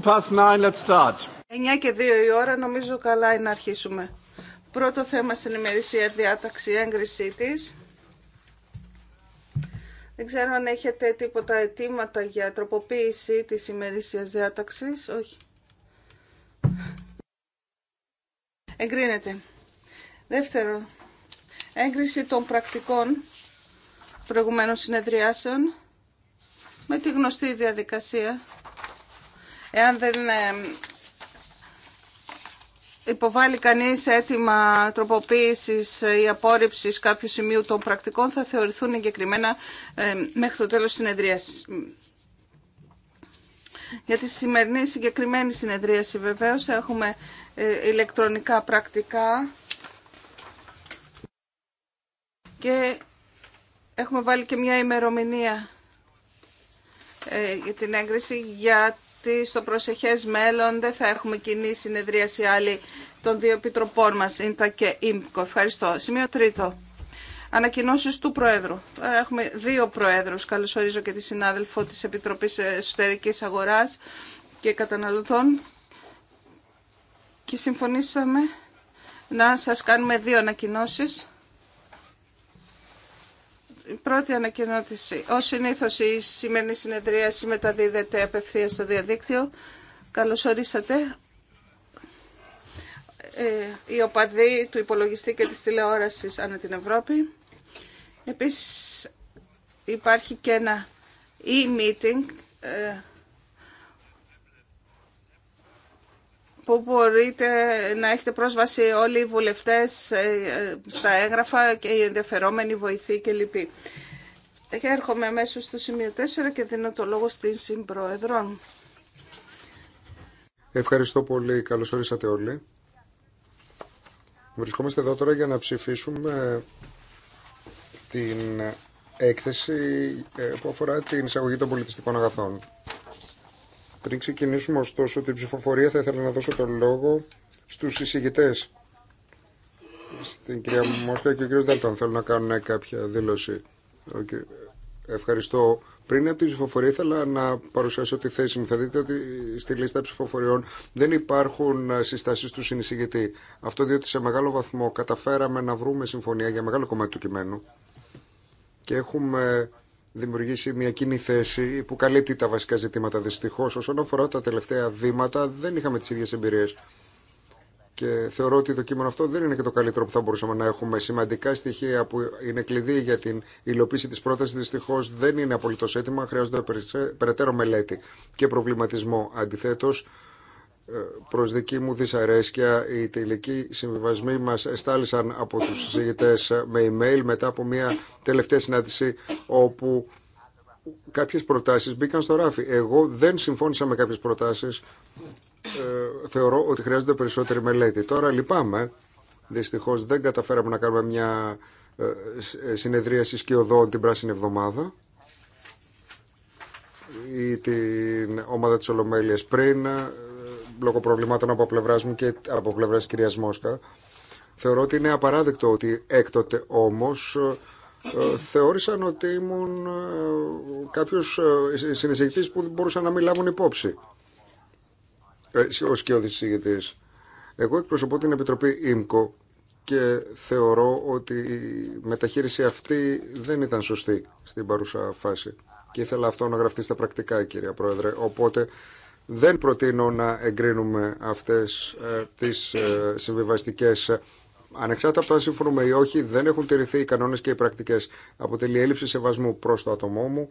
9 και 2 η ώρα, νομίζω καλά είναι να αρχίσουμε. Πρώτο θέμα στην ημερησία διάταξη, έγκρισή της. Δεν ξέρω αν έχετε τίποτα αιτήματα για τροποποίηση της ημερησίας διάταξης. Όχι. Εγκρίνεται. Δεύτερο, έγκριση των πρακτικών προηγουμένων συνεδριάσεων με τη γνωστή διαδικασία. Εάν δεν ε, υποβάλει κανείς αίτημα τροποποίησης ή απόρριψης κάποιου σημείου των πρακτικών θα θεωρηθούν εγκεκριμένα ε, μέχρι το τέλος της συνεδρίας. Για τη σημερινή συγκεκριμένη συνεδρίαση βεβαίως έχουμε ε, ηλεκτρονικά πρακτικά και έχουμε βάλει και μια ημερομηνία για την έγκριση για ότι στο προσεχές μέλλον δεν θα έχουμε κοινή συνεδρίαση άλλη των δύο επιτροπών μας, ΙΝΤΑ και ΙΜΚΟ. Ευχαριστώ. Σημείο τρίτο. Ανακοινώσεις του Προέδρου. έχουμε δύο Προέδρους. Καλωσορίζω και τη συνάδελφο της Επιτροπής Εσωτερικής Αγοράς και Καταναλωτών. Και συμφωνήσαμε να σας κάνουμε δύο ανακοινώσεις. Η πρώτη ανακοινώτηση. Ω συνήθω η σημερινή συνεδρίαση μεταδίδεται απευθεία στο διαδίκτυο. Καλώς ορίσατε. Ε, οι οπαδοί του υπολογιστή και της τηλεόραση ανά την Ευρώπη. Επίση υπάρχει και ένα e-meeting ε, που μπορείτε να έχετε πρόσβαση όλοι οι βουλευτές ε, ε, στα έγγραφα και οι ενδιαφερόμενοι βοηθοί και έρχομαι αμέσω στο σημείο 4 και δίνω το λόγο στην Συμπροεδρόν. Ευχαριστώ πολύ. Καλώς ορίσατε όλοι. Βρισκόμαστε εδώ τώρα για να ψηφίσουμε την έκθεση ε, που αφορά την εισαγωγή των πολιτιστικών αγαθών. Πριν ξεκινήσουμε ωστόσο την ψηφοφορία θα ήθελα να δώσω τον λόγο στους εισηγητές. Στην κυρία Μόσχα και ο κύριο Ντάλτον θέλουν να κάνουν κάποια δήλωση. Ευχαριστώ. Πριν από την ψηφοφορία ήθελα να παρουσιάσω τη θέση μου. Θα δείτε ότι στη λίστα ψηφοφοριών δεν υπάρχουν συστασει του συνεισηγητή. Αυτό διότι σε μεγάλο βαθμό καταφέραμε να βρούμε συμφωνία για μεγάλο κομμάτι του κειμένου. Και έχουμε δημιουργήσει μια κοινή θέση που καλύπτει τα βασικά ζητήματα. Δυστυχώ, όσον αφορά τα τελευταία βήματα, δεν είχαμε τι ίδιε εμπειρίε. Και θεωρώ ότι το κείμενο αυτό δεν είναι και το καλύτερο που θα μπορούσαμε να έχουμε. Σημαντικά στοιχεία που είναι κλειδί για την υλοποίηση τη πρόταση δυστυχώ δεν είναι απολύτω έτοιμα. Χρειάζονται περαιτέρω μελέτη και προβληματισμό. Αντιθέτω, ε, προς δική μου δυσαρέσκεια οι τελικοί συμβιβασμοί μας εστάλησαν από τους συζητητές με email μετά από μια τελευταία συνάντηση όπου κάποιες προτάσεις μπήκαν στο ράφι. Εγώ δεν συμφώνησα με κάποιες προτάσεις. Ε, θεωρώ ότι χρειάζονται περισσότερη μελέτη. Τώρα λυπάμαι. Δυστυχώς δεν καταφέραμε να κάνουμε μια ε, συνεδρία συσκιωδών την πράσινη εβδομάδα ή την ομάδα της Ολομέλειας πριν λόγω προβλημάτων από πλευρά μου και από πλευρά κυρία Μόσκα. Θεωρώ ότι είναι απαράδεκτο ότι έκτοτε όμως ε, θεώρησαν ότι ήμουν ε, κάποιος ε, συνεισηγητή που δεν μπορούσαν να μην λάβουν υπόψη. Ο σκιώδης Εγώ εκπροσωπώ την Επιτροπή ΙΜΚΟ και θεωρώ ότι η μεταχείριση αυτή δεν ήταν σωστή στην παρούσα φάση. Και ήθελα αυτό να γραφτεί στα πρακτικά, κυρία Πρόεδρε. Οπότε δεν προτείνω να εγκρίνουμε αυτές ε, τις ε, συμβιβαστικές Ανεξάρτητα από το αν συμφωνούμε ή όχι, δεν έχουν τηρηθεί οι κανόνε και οι πρακτικέ. Αποτελεί έλλειψη σεβασμού προ το άτομό μου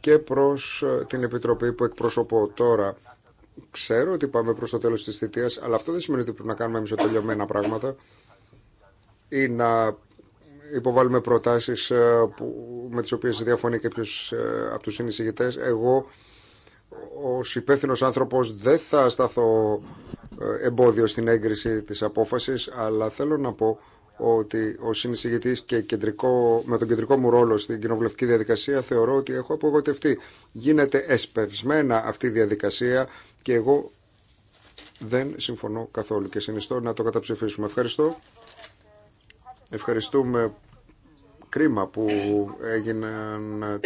και προ ε, την επιτροπή που εκπροσωπώ τώρα. Ξέρω ότι πάμε προ το τέλο τη θητεία, αλλά αυτό δεν σημαίνει ότι πρέπει να κάνουμε μισοτελειωμένα πράγματα ή να υποβάλουμε προτάσει με τι οποίε διαφωνεί και ποιο από του συνεισηγητέ. Εγώ ως υπεύθυνο άνθρωπος δεν θα σταθώ ε, εμπόδιο στην έγκριση της απόφασης, αλλά θέλω να πω ότι ο συνεισηγητής και κεντρικό, με τον κεντρικό μου ρόλο στην κοινοβουλευτική διαδικασία θεωρώ ότι έχω απογοητευτεί. Γίνεται εσπευσμένα αυτή η διαδικασία και εγώ δεν συμφωνώ καθόλου και συνιστώ να το καταψηφίσουμε. Ευχαριστώ. Ευχαριστούμε Κρίμα που έγιναν ε,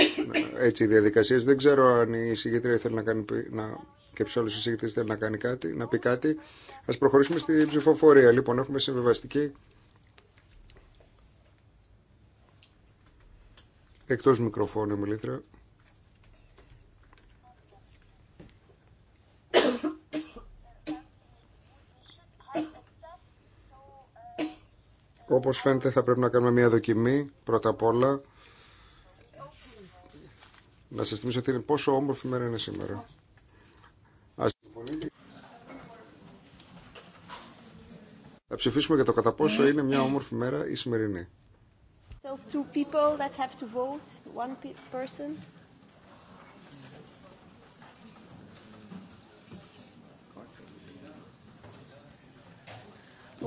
έτσι οι διαδικασίες. Δεν ξέρω αν η συγκεκριτή θέλει να κάνει... Να... Και θέλει να, κάνει κάτι, να πει κάτι. Ας προχωρήσουμε στη ψηφοφορία. Λοιπόν, έχουμε συμβιβαστική εκτός μικροφώνου, μιλήτρα. Όπως φαίνεται θα πρέπει να κάνουμε μια δοκιμή πρώτα απ' όλα. Να σας θυμίσω ότι είναι πόσο όμορφη η μέρα είναι σήμερα. Θα ψηφίσουμε για το κατά πόσο είναι μια όμορφη μέρα η σημερινή.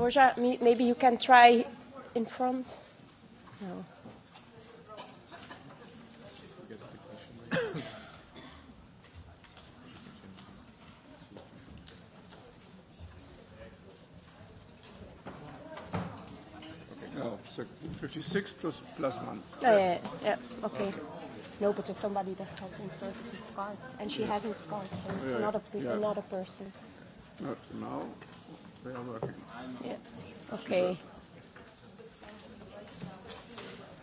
Borja, maybe you can try in front. No. fifty so plus plus one. Yeah, yeah, yeah. Okay. No, it's somebody that has inserted his cards, and she hasn't cards, so it's not a not a person. Not now. They working. Yeah. Okay.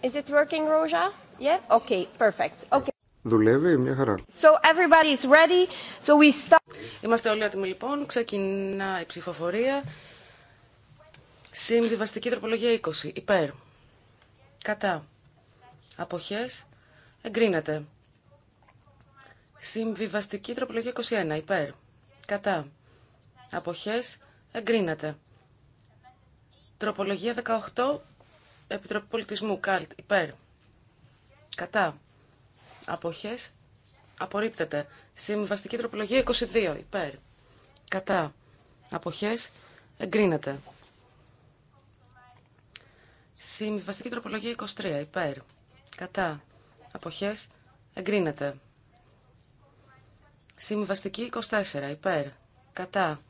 Is it working, Roja? Yeah? Okay, perfect. Okay. Δουλεύει μια χαρά. So everybody is ready. So we start. Είμαστε όλοι έτοιμοι λοιπόν. Ξεκινά η ψηφοφορία. Συμβιβαστική τροπολογία 20. Υπέρ. Κατά. Αποχές. Εγκρίνεται. Συμβιβαστική τροπολογία 21. Υπέρ. Κατά. Αποχές. Εγκρίνεται. Τροπολογία 18. Επιτροπή Πολιτισμού. Καλτ. Υπέρ. Κατά. Αποχές. Απορρίπτεται. Συμβαστική τροπολογία 22. Υπέρ. Κατά. Αποχές. Εγκρίνεται. συμβαστική τροπολογία 23. Υπέρ. Κατά. Αποχές. Εγκρίνεται. συμβαστική 24. Υπέρ. Κατά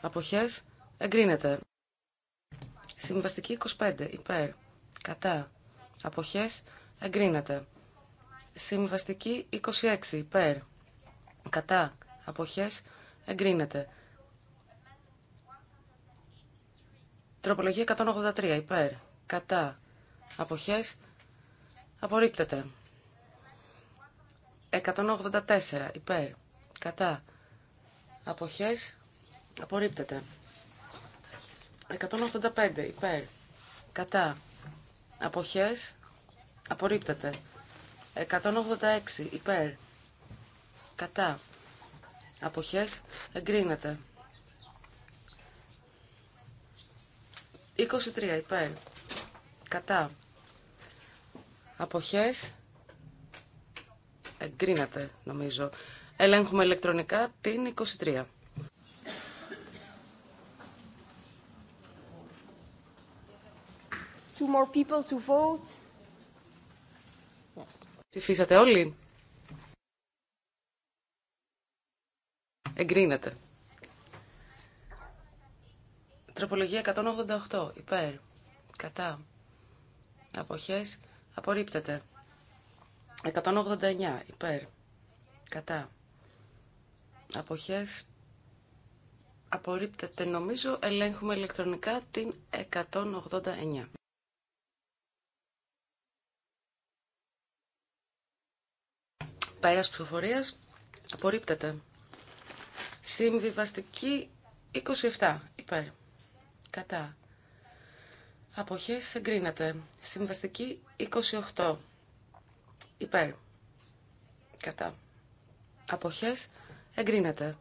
αποχές εγκρίνεται. Συμβαστική 25 υπέρ κατά αποχές εγκρίνεται. Συμβαστική 26 υπέρ κατά αποχές εγκρίνεται. Τροπολογία 183 υπέρ κατά αποχές απορρίπτεται. 184 υπέρ κατά αποχές Απορρίπτεται. 185 υπέρ. Κατά. Αποχές. Απορρίπτεται. 186 υπέρ. Κατά. Αποχές. Εγκρίνεται. 23 υπέρ. Κατά. Αποχές. Εγκρίνεται νομίζω. Ελέγχουμε ηλεκτρονικά την 23. more Ψηφίσατε όλοι. Εγκρίνεται. Τροπολογία 188. Υπέρ. Κατά. Αποχές. Απορρίπτεται. 189. Υπέρ. Κατά. Αποχές. Απορρίπτεται. Νομίζω ελέγχουμε ηλεκτρονικά την 189. πέρα ψηφοφορία απορρίπτεται. Συμβιβαστική 27 υπέρ. Κατά. Αποχέ εγκρίνεται. Συμβαστική 28 υπέρ. Κατά. Αποχέ. εγκρίνεται.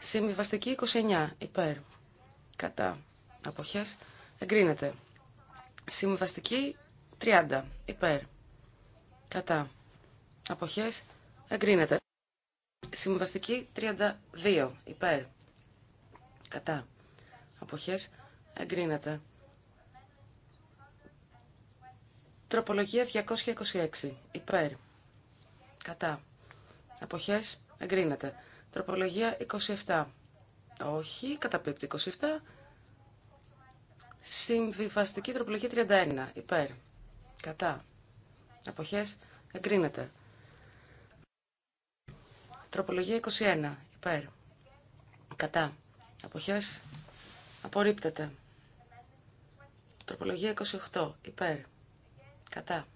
Συμβιβαστική 29 υπέρ. Κατά. Αποχέ. εγκρίνεται. Συμβιβαστική 30 υπέρ. Κατά. Αποχές Εγκρίνεται. Συμβαστική 32. Υπέρ. Κατά. Αποχές. Εγκρίνεται. Τροπολογία 226. Υπέρ. Κατά. Αποχές. Εγκρίνεται. Τροπολογία 27. Όχι. Καταπίπτει 27. Συμβιβαστική τροπολογία 31. Υπέρ. Κατά. Αποχές. Εγκρίνεται. Τροπολογία 21. Υπέρ. Κατά. Αποχές. Απορρίπτεται. Τροπολογία 28. Υπέρ. Κατά.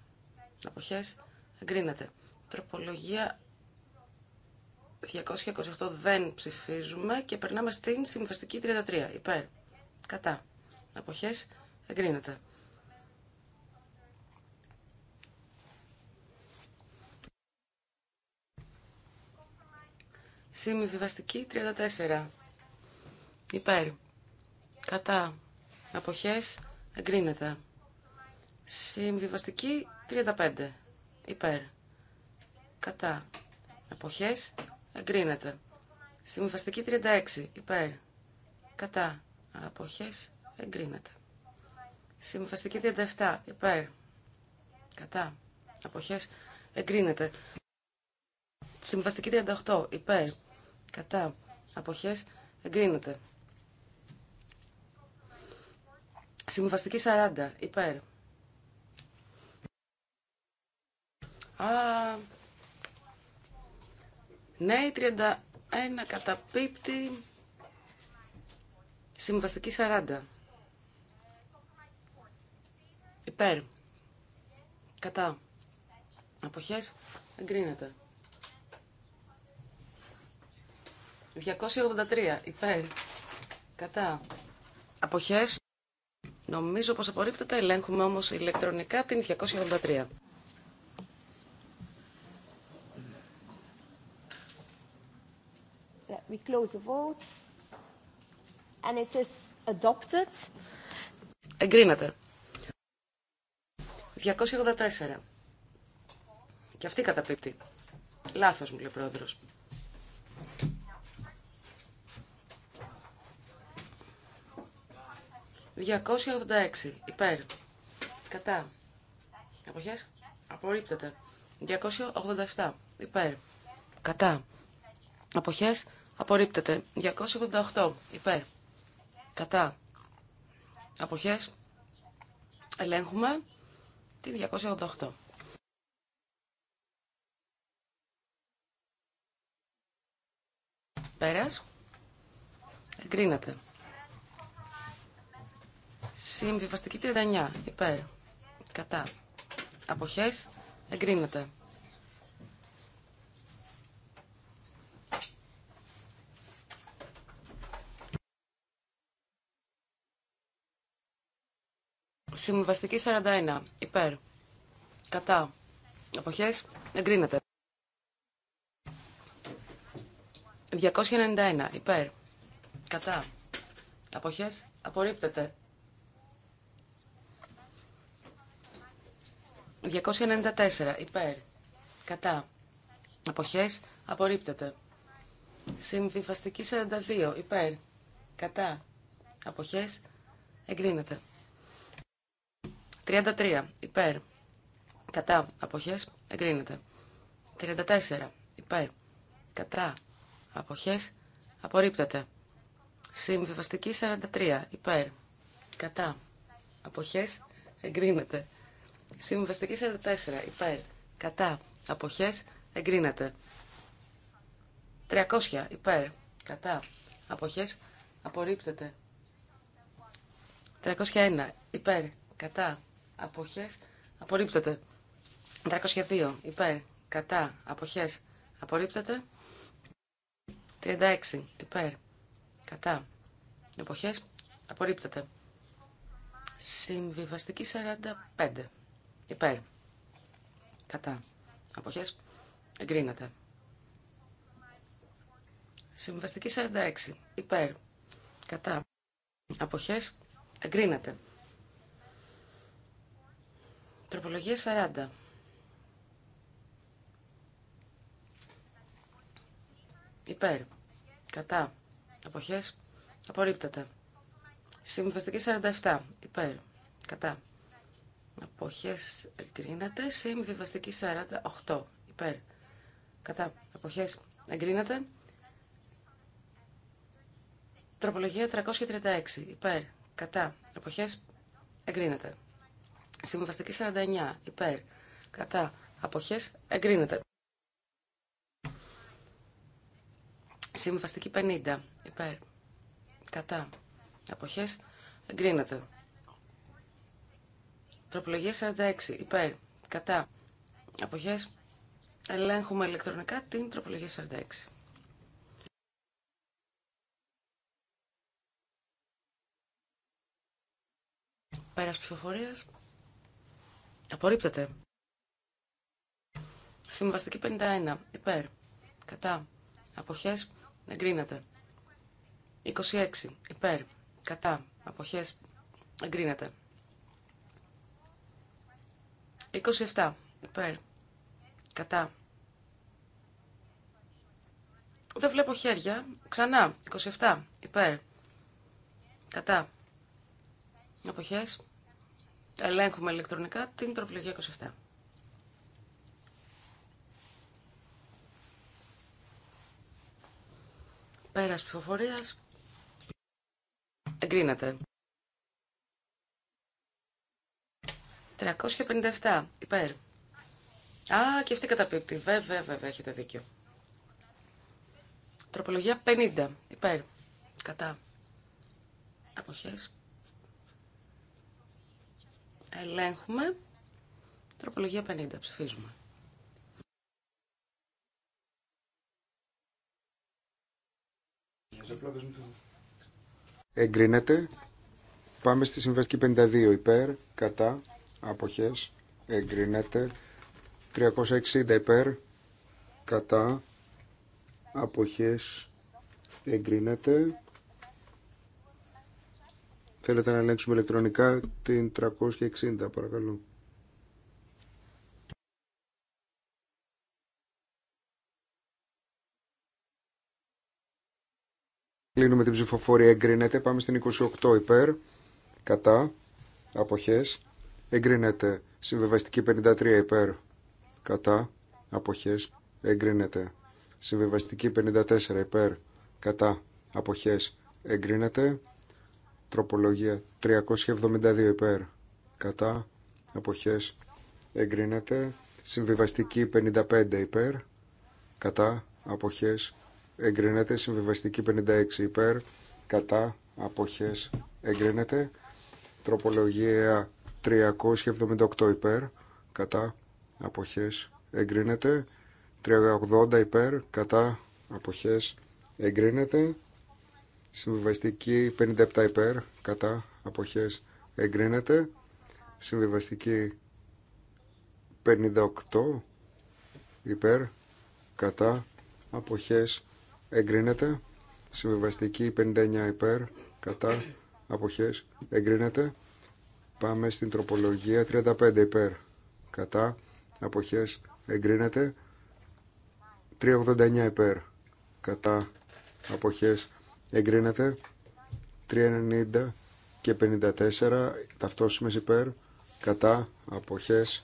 Αποχές. Εγκρίνεται. Τροπολογία 228 δεν ψηφίζουμε και περνάμε στην συμβαστική 33. Υπέρ. Κατά. Αποχές. Εγκρίνεται. Συμβιβαστική 34. Υπέρ. Κατά. Αποχές. Εγκρίνεται. Συμβιβαστική 35. Υπέρ. Κατά. Αποχές. Εγκρίνεται. Συμβιβαστική 36. Υπέρ. Κατά. Αποχές. Εγκρίνεται. Συμβιβαστική 37. Υπέρ. Κατά. Αποχές. Εγκρίνεται. Συμβαστική 38. Υπέρ κατά αποχές εγκρίνεται. Συμβαστική 40 υπέρ. Α, ναι, 31 καταπίπτει. Συμβαστική 40. Υπέρ. Κατά. Αποχές. Εγκρίνεται. 283 υπέρ κατά αποχές νομίζω πως απορρίπτεται ελέγχουμε όμως ηλεκτρονικά την 283 We close the vote. And it is adopted. Εγκρίνεται. 284. Και αυτή καταπίπτει. Λάθος μου λέει ο πρόεδρος. 286 υπέρ. Κατά. Αποχές. Απορρίπτεται. 287 υπέρ. Κατά. Αποχές. Απορρίπτεται. 288 υπέρ. Κατά. Αποχές. Ελέγχουμε τη 288. Πέρας. Εγκρίνεται. Συμβιβαστική 39. Υπέρ. Κατά. Αποχές. Εγκρίνεται. Συμβιβαστική 41. Υπέρ. Κατά. Αποχές. Εγκρίνεται. 291. Υπέρ. Κατά. Αποχές. Απορρίπτεται. 294 υπέρ. Κατά. Αποχές απορρίπτεται. Συμβιβαστική 42 υπέρ. Κατά. Αποχές εγκρίνεται. 33 υπέρ. Κατά. Αποχές εγκρίνεται. 34 υπέρ. Κατά. Αποχές απορρίπτεται. Συμβιβαστική 43 υπέρ. Κατά. Αποχές εγκρίνεται. Συμβαστική 44. Υπέρ. Κατά. Αποχές. Εγκρίνεται. 300. Υπέρ. Κατά. Αποχές. Απορρίπτεται. 301. Υπέρ. Κατά. Αποχές. Απορρίπτεται. 302. Υπέρ. Κατά. Αποχές. Απορρίπτεται. 36. Υπέρ. Κατά. αποχές Απορρίπτεται. Συμβιβαστική 45. Υπέρ. Κατά. Αποχές. Εγκρίνεται. Συμβαστική 46. Υπέρ. Κατά. Αποχές. Εγκρίνεται. Τροπολογία 40. Υπέρ. Κατά. Αποχές. Απορρίπτεται. Συμβαστική 47. Υπέρ. Κατά αποχές Συμβιβαστική 48 υπέρ κατά αποχές εγκρίνεται. Τροπολογία 336 υπέρ κατά αποχές εγκρίνεται. συμβιβαστική 49 υπέρ κατά αποχές εγκρίνεται. Συμβαστική 50 υπέρ κατά αποχές εγκρίνεται. Τροπολογία 46. Υπέρ. Κατά. αποχέ. Ελέγχουμε ηλεκτρονικά την τροπολογία 46. Πέρας ψηφοφορίας. Απορρίπτεται. Συμβαστική 51. Υπέρ. Κατά. Αποχές. Εγκρίνεται. 26. Υπέρ. Κατά. Αποχές. Εγκρίνεται. 27 υπέρ. Κατά. Δεν βλέπω χέρια. Ξανά. 27 υπέρ. Κατά. Αποχές. Ελέγχουμε ηλεκτρονικά την τροπολογία 27. Πέρας ψηφοφορίας. Εγκρίνεται. 357 υπέρ. Α, και αυτή καταπίπτει. Βέβαια, βέβαια, έχετε δίκιο. Τροπολογία 50 υπέρ. Κατά. Αποχές. Ελέγχουμε. Τροπολογία 50. Ψηφίζουμε. Εγκρίνεται. Πάμε στη συμβαστική 52 υπέρ, κατά, αποχές εγκρίνεται 360 υπέρ κατά αποχές εγκρίνεται θέλετε να ελέγξουμε ηλεκτρονικά την 360 παρακαλώ Κλείνουμε την ψηφοφορία εγκρίνεται πάμε στην 28 υπέρ κατά αποχές εγκρίνεται. Συμβιβαστική 53 υπέρ κατά αποχές εγκρίνεται. Συμβιβαστική 54 υπέρ κατά αποχές εγκρίνεται. Τροπολογία 372 υπέρ κατά αποχές εγκρίνεται. Συμβιβαστική 55 υπέρ κατά αποχές εγκρίνεται. Συμβιβαστική 56 υπέρ κατά αποχές εγκρίνεται. Τροπολογία 378 υπέρ κατά αποχές εγκρίνεται 380 υπέρ κατά αποχές εγκρίνεται συμβιβαστική 57 υπέρ κατά αποχές εγκρίνεται συμβιβαστική 58 υπέρ κατά αποχές εγκρίνεται συμβιβαστική 59 υπέρ κατά αποχές εγκρίνεται Πάμε στην τροπολογία 35 υπέρ. Κατά. Αποχές. Εγκρίνεται. 389 υπέρ. Κατά. Αποχές. Εγκρίνεται. 390 και 54 ταυτόσιμες υπέρ. Κατά. Αποχές.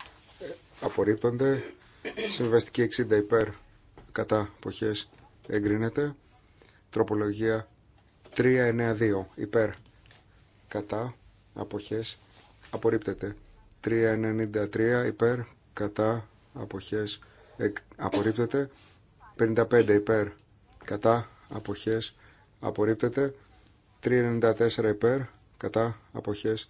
Απορρίπτονται. Συμβαστική 60 υπέρ. Κατά. Αποχές. Εγκρίνεται. Τροπολογία 392 υπέρ. Κατά. Αποχές απορρίπτεται. 393 υπέρ κατά αποχές απορρίπτεται. 55 υπέρ κατά αποχές απορρίπτεται. 394 υπέρ κατά αποχές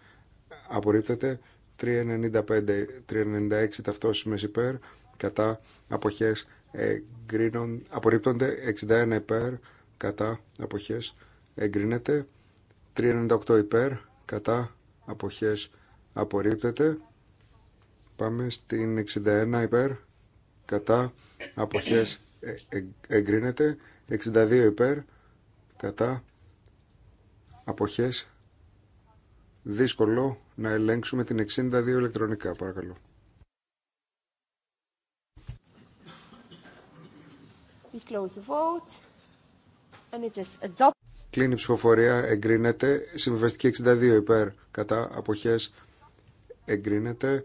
απορρίπτεται. 395, 396 ταυτόσημες υπέρ κατά αποχές εγκρίνον, απορρίπτονται 61 υπέρ κατά αποχές εγκρίνεται 398 υπέρ κατά αποχές απορρίπτεται. Πάμε στην 61 υπέρ, κατά, αποχές ε, ε, εγκρίνεται. 62 υπέρ, κατά, αποχές δύσκολο να ελέγξουμε την 62 ηλεκτρονικά, παρακαλώ. Κλείνει η ψηφοφορία, εγκρίνεται. Συμβιβαστική 62 υπέρ κατά αποχές εγκρίνεται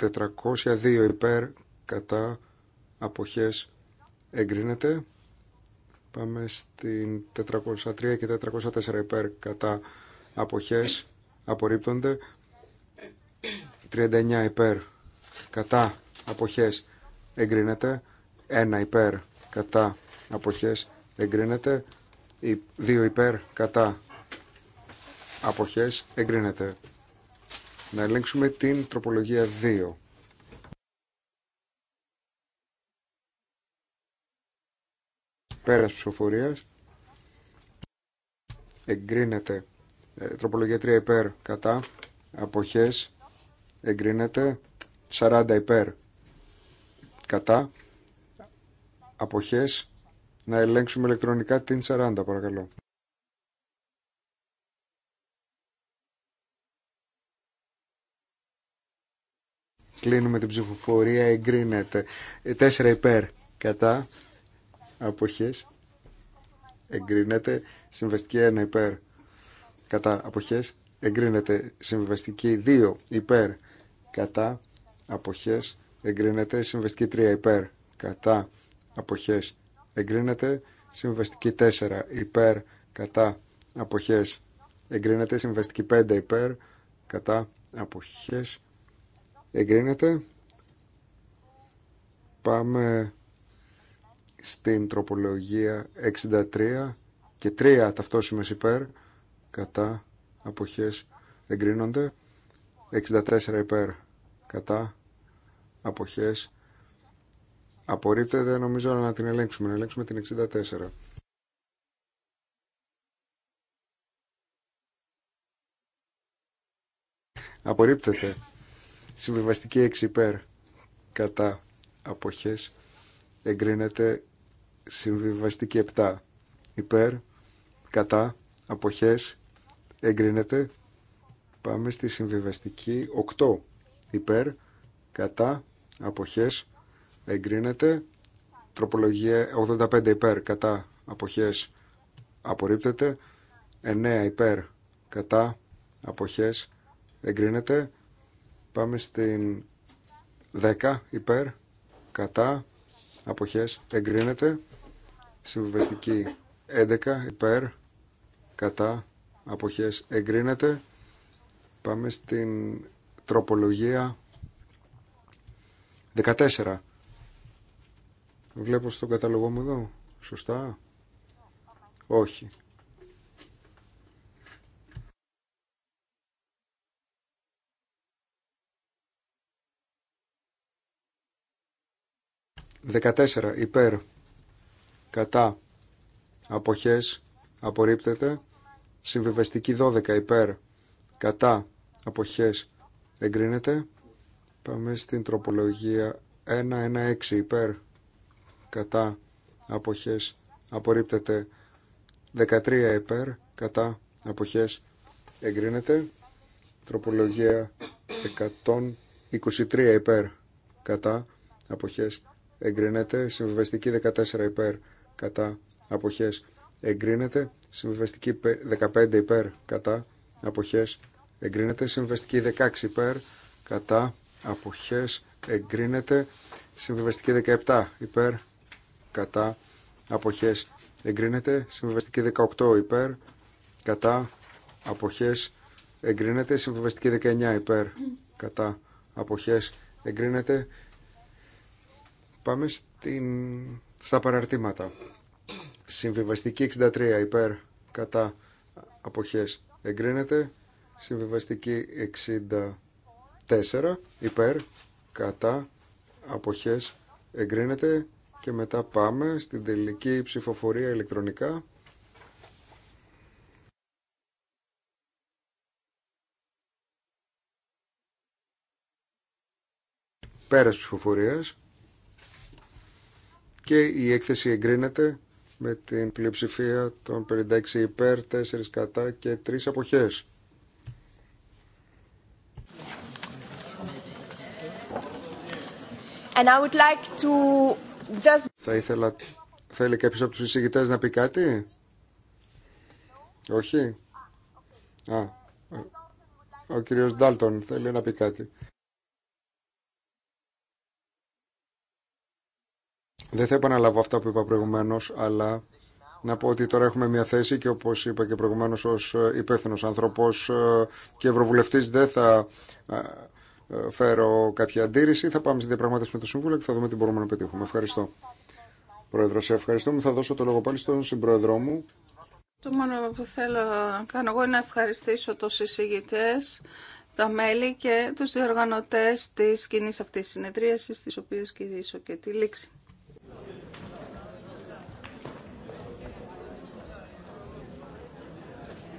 402 υπέρ κατά αποχές εγκρίνεται πάμε στην 403 και 404 υπέρ κατά αποχές απορρίπτονται 39 υπέρ κατά αποχές εγκρίνεται 1 υπέρ κατά αποχές εγκρίνεται 2 υπέρ κατά αποχές εγκρίνεται να ελέγξουμε την τροπολογία 2. Πέρας ψηφοφορίας. Εγκρίνεται. Ε, τροπολογία 3 υπέρ κατά. Αποχές. Εγκρίνεται. 40 υπέρ κατά. Αποχές. Να ελέγξουμε ηλεκτρονικά την 40 παρακαλώ. Κλείνουμε την ψηφοφορία. Εγκρίνεται. 4 Κατά. Αποχές. Εγκρίνεται. Συμβαστική 1 υπέρ. Κατά. Αποχές. Εγκρίνεται. Συμβαστική 2 υπέρ. Κατά. Αποχές. Εγκρίνεται. Συμβαστική 3 υπέρ. Κατά. Αποχές. Εγκρίνεται. Συμβαστική 4 υπέρ. Κατά. Αποχές. Εγκρίνεται. Συμβαστική 5 υπέρ. Κατά. Αποχές εγκρίνεται. Πάμε στην τροπολογία 63 και 3 ταυτόσημες υπέρ κατά αποχές εγκρίνονται. 64 υπέρ κατά αποχές απορρίπτεται. Νομίζω να την ελέγξουμε. Να ελέγξουμε την 64. Απορρίπτεται. Συμβιβαστική 6 υπέρ κατά αποχές εγκρίνεται. Συμβιβαστική 7 υπέρ κατά αποχές εγκρίνεται. Πάμε στη συμβιβαστική 8 υπέρ κατά αποχές εγκρίνεται. Τροπολογία 85 υπέρ κατά αποχές απορρίπτεται. 9 υπέρ κατά αποχές εγκρίνεται Πάμε στην 10 υπέρ, κατά, αποχές, εγκρίνεται. Συμβιβαστική 11 υπέρ, κατά, αποχές, εγκρίνεται. Πάμε στην τροπολογία 14. Βλέπω στον καταλογό μου εδώ. Σωστά. Όχι. 14 υπέρ κατά αποχές απορρίπτεται συμβιβαστική 12 υπέρ κατά αποχές εγκρίνεται πάμε στην τροπολογία 1-1-6 υπέρ κατά αποχές απορρίπτεται 13 υπέρ κατά αποχές εγκρίνεται τροπολογία 123 υπέρ κατά αποχές εγκρίνεται. Συμβιβαστική 14 υπέρ κατά αποχές εγκρίνεται. Συμβιβαστική 15 υπέρ κατά αποχές εγκρίνεται. Συμβιβαστική 16 υπέρ κατά αποχές εγκρίνεται. Συμβιβαστική 17 υπέρ κατά αποχές εγκρίνεται. Συμβιβαστική 18 υπέρ κατά αποχές εγκρίνεται. Συμβιβαστική 19 υπέρ κατά αποχές εγκρίνεται. Πάμε στην... στα παραρτήματα. Συμβιβαστική 63 υπέρ κατά αποχές εγκρίνεται. Συμβιβαστική 64 υπέρ κατά αποχές εγκρίνεται. Και μετά πάμε στην τελική ψηφοφορία ηλεκτρονικά. Πέρας ψηφοφορίας και η έκθεση εγκρίνεται με την πλειοψηφία των 56 υπέρ, 4 κατά και 3 αποχές. And I would like to... Θα ήθελα... Θέλει κάποιος από τους εισηγητές να πει κάτι? Όχι. Α, ο κύριος Ντάλτον θέλει να πει κάτι. Δεν θα επαναλάβω αυτά που είπα προηγουμένω, αλλά να πω ότι τώρα έχουμε μια θέση και όπως είπα και προηγουμένως ως ε, υπεύθυνο άνθρωπος ε, και ευρωβουλευτής δεν θα ε, φέρω κάποια αντίρρηση. Θα πάμε στη διαπραγμάτευση με το Συμβούλιο και θα δούμε τι μπορούμε να πετύχουμε. Ευχαριστώ. Πρόεδρο, σε ευχαριστούμε. Θα δώσω το λόγο πάλι στον συμπρόεδρό μου. Το μόνο που θέλω να κάνω εγώ είναι να ευχαριστήσω τους εισηγητές, τα μέλη και του διοργανωτέ τη κοινή αυτή συνεδρίασης, τη οποία κηρύσω και τη λήξη.